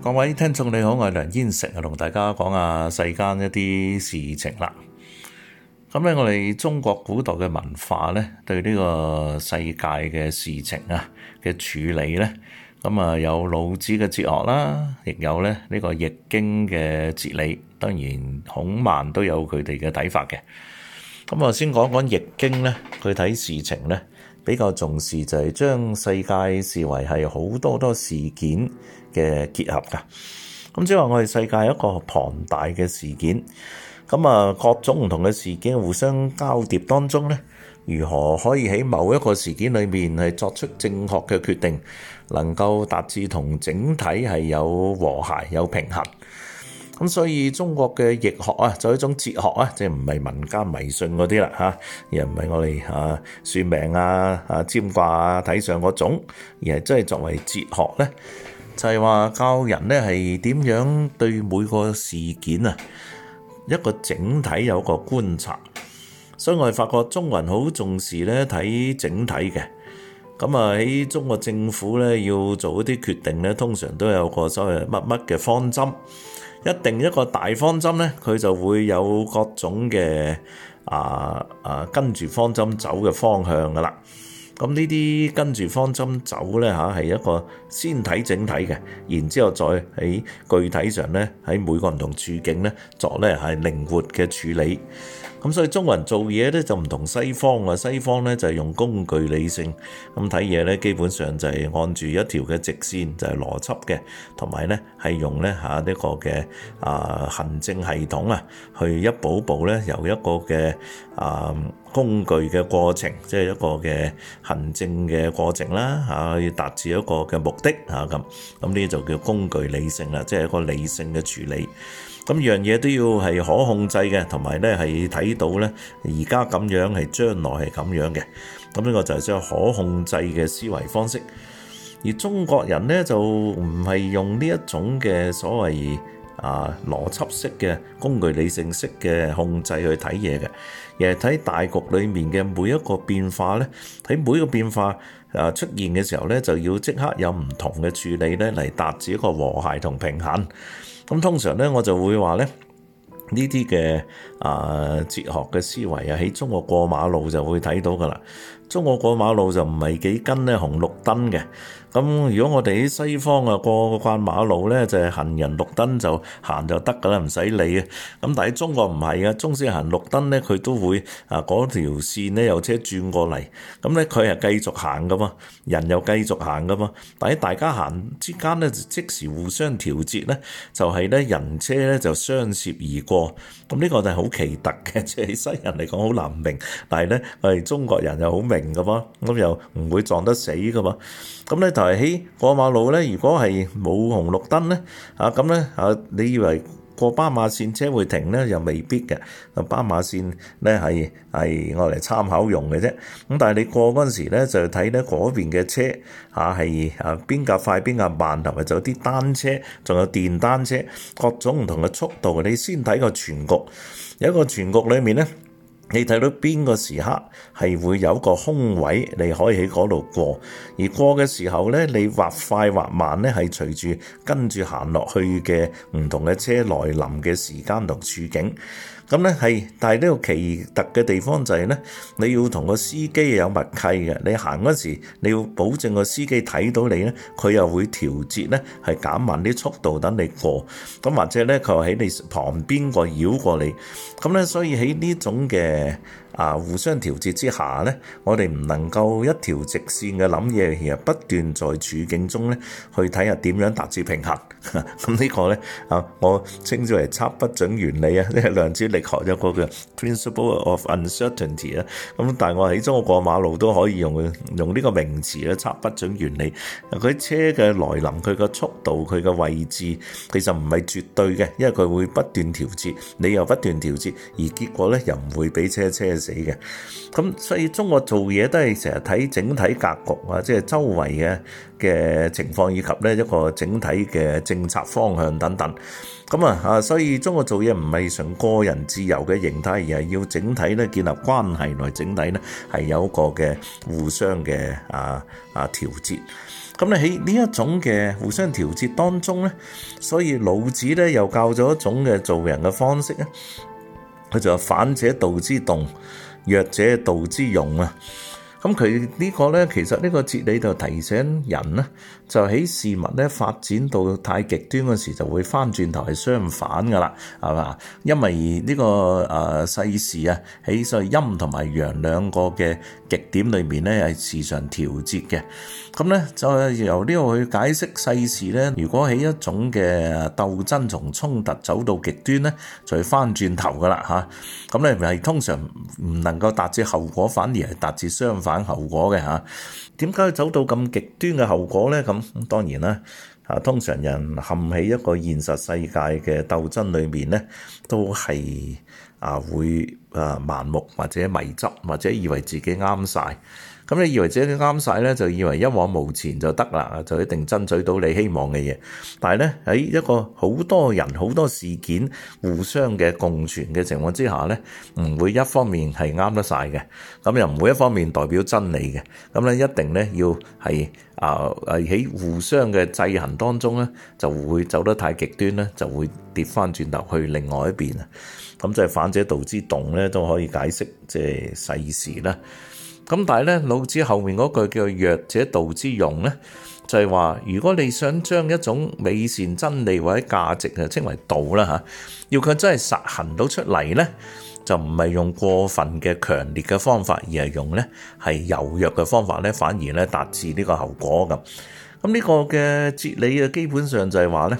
各位聽眾你好，我係梁燕城啊，同大家講下世間一啲事情啦。咁咧，我哋中國古代嘅文化咧，對呢個世界嘅事情啊嘅處理咧，咁啊有老子嘅哲學啦，亦有咧、這、呢個易經嘅哲理，當然孔孟都有佢哋嘅睇法嘅。咁我先講講易經咧，佢睇事情咧。比較重視就係將世界視為係好多多事件嘅結合㗎，咁即係話我哋世界一個龐大嘅事件，咁啊各種唔同嘅事件互相交疊當中呢，如何可以喺某一個事件裏面係作出正確嘅決定，能夠達至同整體係有和諧有平衡。咁所以中國嘅易學啊，就係一種哲學啊，即係唔係民間迷信嗰啲啦嚇，又唔係我哋啊算命啊、啊占卦啊，睇相嗰種，而係真係作為哲學咧，就係話教人咧係點樣對每個事件啊一個整體有一個觀察。所以我哋發覺中國人好重視咧睇整體嘅。咁啊喺中國政府咧要做一啲決定咧，通常都有個所謂乜乜嘅方針。一定一個大方針咧，佢就會有各種嘅啊啊跟住方針走嘅方向㗎喇。咁、嗯、呢啲跟住方針走咧吓，係、啊、一個先睇整體嘅，然之後再喺具體上咧喺每個唔同處境咧作咧係靈活嘅處理。咁所以中國人做嘢咧就唔同西方啊，西方咧就係、是、用工具理性，咁睇嘢咧基本上就係按住一條嘅直線，就係、是、邏輯嘅，同埋咧係用咧嚇呢、啊這個嘅啊行政系統啊，去一步一步咧由一個嘅啊工具嘅過程，即係一個嘅行政嘅過程啦嚇，去、啊、達至一個嘅目的嚇咁，咁、啊、呢就叫工具理性啦，即係一個理性嘅處理。咁樣嘢都要係可控制嘅，同埋呢係睇到呢而家咁樣係將來係咁樣嘅。咁呢個就係即係可控制嘅思維方式。而中國人呢就唔係用呢一種嘅所謂啊邏輯式嘅工具理性式嘅控制去睇嘢嘅，而係睇大局裡面嘅每一個變化呢，睇每個變化啊出現嘅時候呢就要即刻有唔同嘅處理呢嚟達至一個和諧同平衡。咁通常咧，我就會話咧呢啲嘅啊哲學嘅思維啊，喺中國過馬路就會睇到㗎喇。中國過馬路就唔係幾跟咧紅綠燈嘅。咁如果我哋喺西方啊過個關馬路咧，就係行人綠燈就行就得噶啦，唔使理嘅。咁但係中國唔係嘅，即使行綠燈咧，佢都會啊嗰條線咧有車轉過嚟，咁咧佢係繼續行噶嘛，人又繼續行噶嘛。但係大家行之間咧，即時互相調節咧，就係咧人車咧就相涉而過。咁呢個就係好奇特嘅，即係西人嚟講好難明，但係咧我哋中國人又好明噶嘛，咁又唔會撞得死噶嘛。咁咧。就係起過馬路咧，如果係冇紅綠燈咧，啊咁咧啊，你以為過斑馬線車會停咧，又未必嘅。斑馬線咧係係我嚟參考用嘅啫。咁但係你過嗰陣時咧，就睇咧嗰邊嘅車啊，係啊邊架快邊架慢，同埋就有啲單車仲有電單車各種唔同嘅速度，你先睇個全局。有一個全局裏面咧。你睇到邊個時刻係會有一個空位，你可以喺嗰度過。而過嘅時候咧，你或快或慢咧，係隨住跟住行落去嘅唔同嘅車來臨嘅時間同處境。咁咧係，但係呢個奇特嘅地方就係、是、咧，你要同個司機有默契嘅，你行嗰時你要保證個司機睇到你咧，佢又會調節咧，係減慢啲速度等你過。咁或者咧，佢喺你旁邊個繞過你。咁、嗯、咧，所以喺呢種嘅。啊，互相調節之下咧，我哋唔能夠一條直線嘅諗嘢，其實不斷在處境中咧去睇下點樣達至平衡。咁、 嗯這個、呢個咧啊，我稱之為測不準原理啊，即係量子力學有個叫 principle of uncertainty 啦。咁但係我始終我過馬路都可以用用呢個名詞咧，測不準原理。佢、啊啊啊、車嘅來臨，佢嘅速度，佢嘅位置，其實唔係絕對嘅，因為佢會不斷調節，你又不斷調節，而結果咧又唔會俾車車死嘅，咁所以中國做嘢都係成日睇整體格局啊，即係周圍嘅嘅情況以及咧一個整體嘅政策方向等等。咁啊啊，所以中國做嘢唔係純個人自由嘅形態，而係要整體咧建立關係來整體咧係有一個嘅互相嘅啊啊調節。咁咧喺呢一種嘅互相調節當中咧，所以老子咧又教咗一種嘅做人嘅方式咧。佢就反者道之動，弱者道之用啊！咁佢呢個咧，其實呢個哲理就提醒人咧，就喺事物咧發展到太極端時就會翻轉頭係相反噶啦，係嘛？因為呢、這個誒、呃、世事啊，喺所謂陰同埋陽兩個嘅極點裏面咧，係時常調節嘅。咁咧就係由呢度去解釋世事咧，如果喺一種嘅鬥爭從衝突走到極端咧，就係翻轉頭噶啦嚇。咁咧係通常唔能夠達至後果，反而係達至相反。反後果嘅嚇，點解要走到咁極端嘅後果呢？咁當然啦，啊，通常人陷喺一個現實世界嘅鬥爭裏面呢，都係啊會啊盲目或者迷執，或者以為自己啱晒，咁你、嗯、以為自己啱晒咧，就以為一往無前就得啦，就一定爭取到你希望嘅嘢。但係咧喺一個好多人、好多事件互相嘅共存嘅情況之下咧，唔會一方面係啱得晒嘅，咁又唔會一方面代表真理嘅。咁咧一定咧要係啊，係、呃、喺互相嘅制衡當中咧，就會走得太極端咧，就會跌翻轉頭去另外一邊啊。咁就係反者道之動咧，都可以解釋即係世事啦。咁但係咧，老子後面嗰句叫做弱者道之用咧，就係、是、話，如果你想將一種美善真理或者價值啊，稱為道啦吓，要佢真係實行到出嚟咧，就唔係用過分嘅強烈嘅方法，而係用咧係柔弱嘅方法咧，反而咧達至呢個效果咁。咁、這、呢個嘅哲理啊，基本上就係話咧。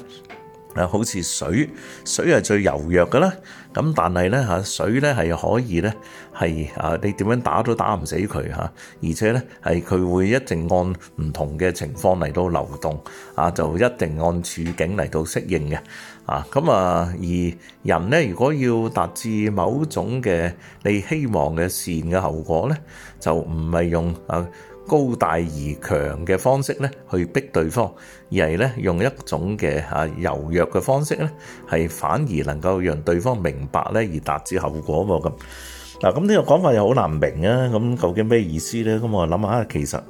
好似水，水係最柔弱嘅啦。咁但係咧，吓水咧係可以咧，係啊，你點樣打都打唔死佢吓。而且咧係佢會一定按唔同嘅情況嚟到流動，啊，就一定按處境嚟到適應嘅。啊，咁啊，而人咧如果要達至某種嘅你希望嘅善嘅後果咧，就唔係用啊，高大而強嘅方式咧，去逼對方；而係咧用一種嘅嚇柔弱嘅方式咧，係反而能夠讓對方明白咧，而達至後果喎。咁嗱，咁呢個講法又好難明啊！咁究竟咩意思咧？咁我諗下，其實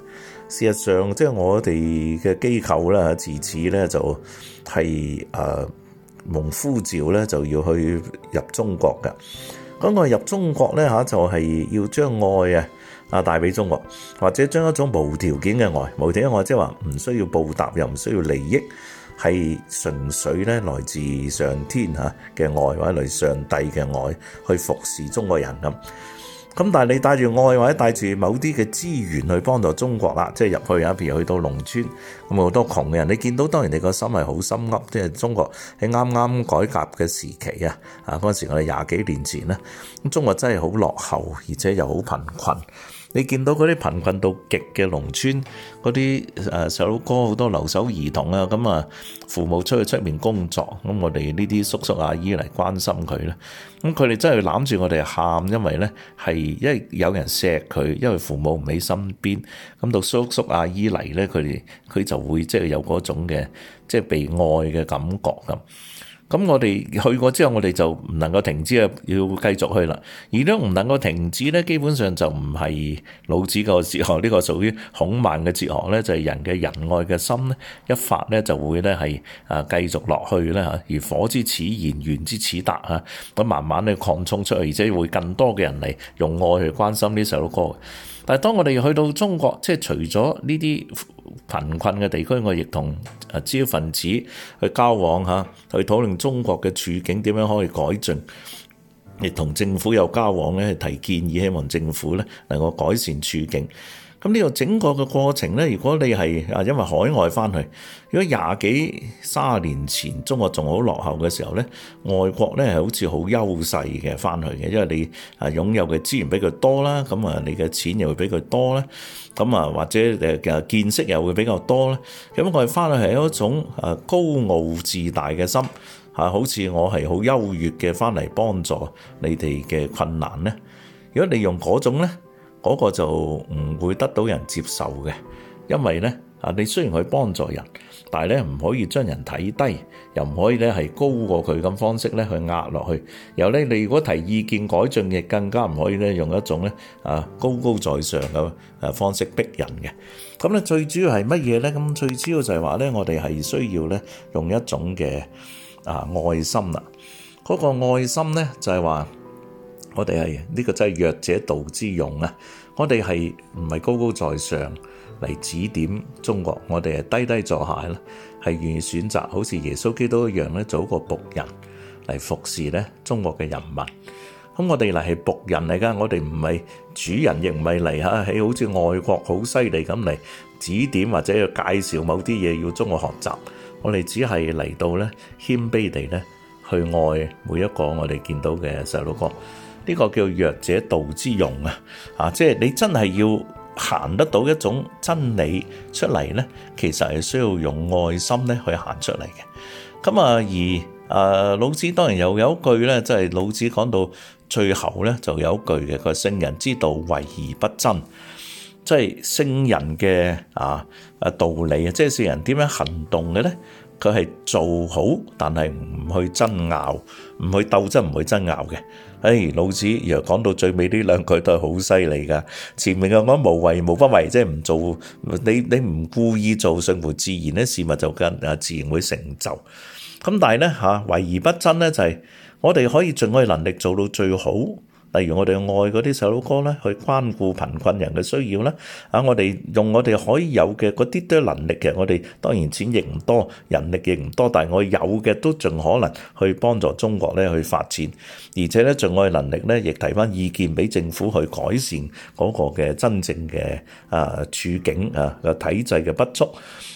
事實上即係、就是、我哋嘅機構咧，自此咧就係誒、呃、蒙父召咧就要去入中國㗎。咁我入中國咧嚇就係要將愛啊！就是啊，帶俾中國，或者將一種無條件嘅愛，無條件嘅愛，即係話唔需要報答，又唔需要利益，係純粹咧來自上天吓嘅愛，或者來自上帝嘅愛，去服侍中國人咁。咁但係你帶住愛，或者帶住某啲嘅資源去幫助中國啦，即係入去啊，譬如去到農村咁好多窮嘅人，你見到當然你個心係好深噏，即係中國喺啱啱改革嘅時期啊，啊嗰陣時我哋廿幾年前咧，咁中國真係好落後，而且又好貧困。你見到嗰啲貧困到極嘅農村嗰啲誒細佬哥，好多留守兒童啊，咁啊父母出去出面工作，咁我哋呢啲叔叔阿姨嚟關心佢咧，咁佢哋真係攬住我哋喊，因為咧係因為有人錫佢，因為父母唔喺身邊，咁到叔叔阿姨嚟咧，佢哋佢就會即係有嗰種嘅即係被愛嘅感覺咁。咁我哋去過之後，我哋就唔能夠停止啊，要繼續去啦。而都唔能夠停止咧，基本上就唔係老子個哲學，呢個屬於孔孟嘅哲學咧，就係人嘅仁愛嘅心咧，一發咧就會咧係啊繼續落去咧嚇。而火之始然，源之始達啊，咁慢慢咧擴充出去，而且會更多嘅人嚟用愛去關心呢首歌。但係當我哋去到中國，即係除咗呢啲。貧困嘅地區，我亦同啊知識分子去交往吓，去討論中國嘅處境點樣可以改進，亦同政府有交往咧，去提建議，希望政府咧能夠改善處境。咁呢個整個嘅過程咧，如果你係啊，因為海外翻去，如果廿幾、卅年前中國仲好落後嘅時候咧，外國咧係好似好優勢嘅翻去嘅，因為你啊擁有嘅資源比佢多啦，咁啊你嘅錢又會比佢多啦，咁啊或者誒嘅見識又會比較多啦。咁我哋翻去係一種誒高傲自大嘅心，啊好似我係好優越嘅翻嚟幫助你哋嘅困難咧，如果你用嗰種咧。嗰個就唔會得到人接受嘅，因為咧啊，你雖然去幫助人，但係咧唔可以將人睇低，又唔可以咧係高過佢咁方式咧去壓落去。然後咧，你如果提意見改進嘅，更加唔可以咧用一種咧啊高高在上嘅誒方式逼人嘅。咁咧最主要係乜嘢咧？咁最主要就係話咧，我哋係需要咧用一種嘅啊愛心啦。嗰個愛心咧就係話。我哋係呢個真係弱者道之用啊！我哋係唔係高高在上嚟指點中國？我哋係低低坐下咧，係願意選擇好似耶穌基督一樣咧，做一個僕人嚟服侍咧中國嘅人民。咁、嗯、我哋嚟係僕人嚟㗎，我哋唔係主人，亦唔係嚟嚇喺好似外國好犀利咁嚟指點或者要介紹某啲嘢要中國學習。我哋只係嚟到咧謙卑地咧去愛每一個我哋見到嘅細路哥。呢個叫弱者道之用啊！啊，即係你真係要行得到一種真理出嚟呢，其實係需要用愛心咧去行出嚟嘅。咁啊，而啊，老子當然又有一句呢，即係老子講到最後呢，就有一句嘅，佢聖人之道為而不爭，即係聖人嘅啊道理啊，即係聖人點樣行動嘅呢。佢係做好，但係唔去爭拗，唔去鬥爭，唔去爭拗嘅。唉，老子若講到最尾呢兩句都係好犀利㗎。前面啊，我無為無不為，即係唔做，你你唔故意做，順乎自然咧，事物就跟啊，自然會成就。咁但係咧嚇，為而不爭咧，就係我哋可以盡我哋能力做到最好。例如我哋愛嗰啲細佬哥咧，去關顧貧困人嘅需要咧。啊，我哋用我哋可以有嘅嗰啲都能力嘅，我哋當然錢亦唔多，人力亦唔多，但係我有嘅都盡可能去幫助中國咧去發展，而且咧盡我嘅能力咧，亦提翻意見俾政府去改善嗰個嘅真正嘅啊處境啊嘅體制嘅不足。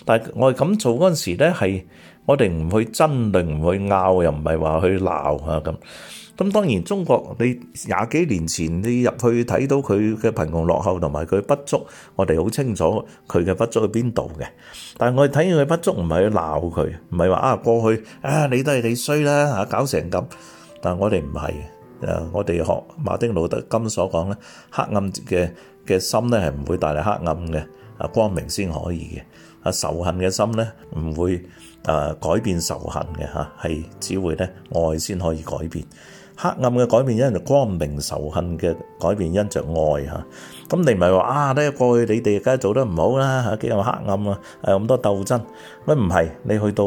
但係我哋咁做嗰陣時咧，係我哋唔去爭論，唔去拗，又唔係話去鬧啊咁。咁當然，中國你廿幾年前你入去睇到佢嘅貧窮落後同埋佢不足，我哋好清楚佢嘅不足喺邊度嘅。但係我哋睇完佢不足，唔係去鬧佢，唔係話啊過去啊你都係你衰啦嚇，搞成咁。但係我哋唔係嘅，我哋學馬丁路德金所講咧，黑暗嘅嘅心咧係唔會帶嚟黑暗嘅，啊光明先可以嘅。啊仇恨嘅心咧唔會啊改變仇恨嘅嚇，係只會咧愛先可以改變。黑暗嘅改變因就光明，仇恨嘅改變因就愛嚇。咁你唔係話啊咧過去你哋梗係做得唔好啦嚇，幾咁黑暗啊，誒咁多鬥爭，咁唔係你去到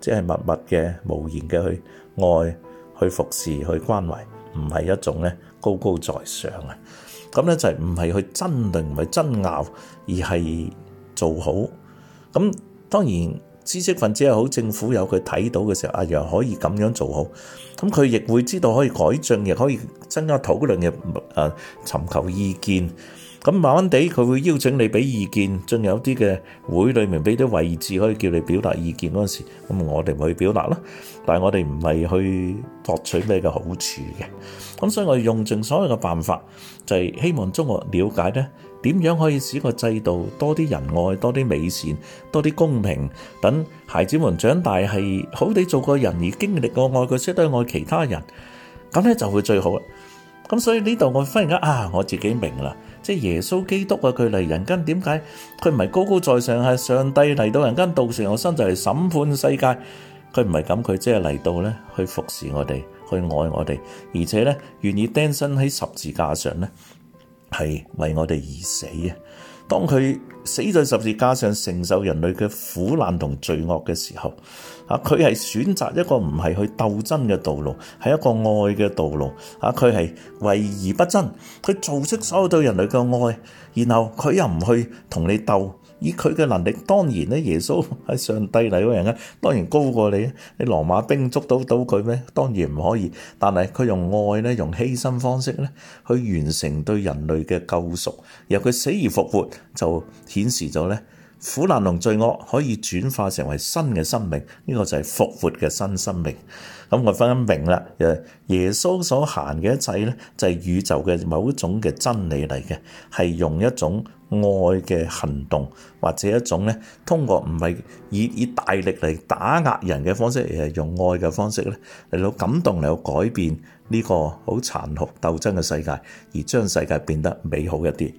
即係默默嘅無言嘅去愛、去服侍、去關懷，唔係一種咧高高在上啊，咁咧就係唔係去爭論、唔係爭拗，而係做好，咁當然。知識分子又好，政府有佢睇到嘅時候，啊、哎、又可以咁樣做好，咁佢亦會知道可以改進，亦可以增加討論嘅啊、呃、尋求意見。咁慢慢地，佢會邀請你俾意見，仲有啲嘅會裏面俾啲位置可以叫你表達意見嗰陣時，咁我哋咪去表達咯。但係我哋唔係去獲取咩嘅好處嘅。咁所以我哋用盡所有嘅辦法，就係、是、希望中國了解咧。點樣可以使個制度多啲仁愛、多啲美善、多啲公平？等孩子們長大係好地做個人而經歷個愛，佢識得愛其他人，咁咧就會最好啦。咁所以呢度我忽然間啊，我自己明啦，即係耶穌基督啊，佢嚟人間點解佢唔係高高在上係上帝嚟到人間道成肉身就嚟、是、審判世界？佢唔係咁，佢即係嚟到呢去服侍我哋，去愛我哋，而且呢願意釘身喺十字架上呢。係為我哋而死啊！當佢死喺十字架上承受人類嘅苦難同罪惡嘅時候，啊，佢係選擇一個唔係去鬥爭嘅道路，係一個愛嘅道路。啊，佢係為而不爭，佢造出所有對人類嘅愛，然後佢又唔去同你鬥。以佢嘅能力，當然咧，耶穌係上帝嚟嗰人啊，當然高過你啊。你羅馬兵捉到到佢咩？當然唔可以。但係佢用愛咧，用犧牲方式咧，去完成對人類嘅救贖。由佢死而復活，就顯示咗咧。苦難同罪惡可以轉化成為新嘅生命，呢、這個就係復活嘅新生命。咁我分明啦，耶穌所行嘅一切咧，就係、是、宇宙嘅某一種嘅真理嚟嘅，係用一種愛嘅行動，或者一種咧，通過唔係以以大力嚟打壓人嘅方式，而係用愛嘅方式咧，嚟到感動嚟到改變呢個好殘酷鬥爭嘅世界，而將世界變得美好一啲。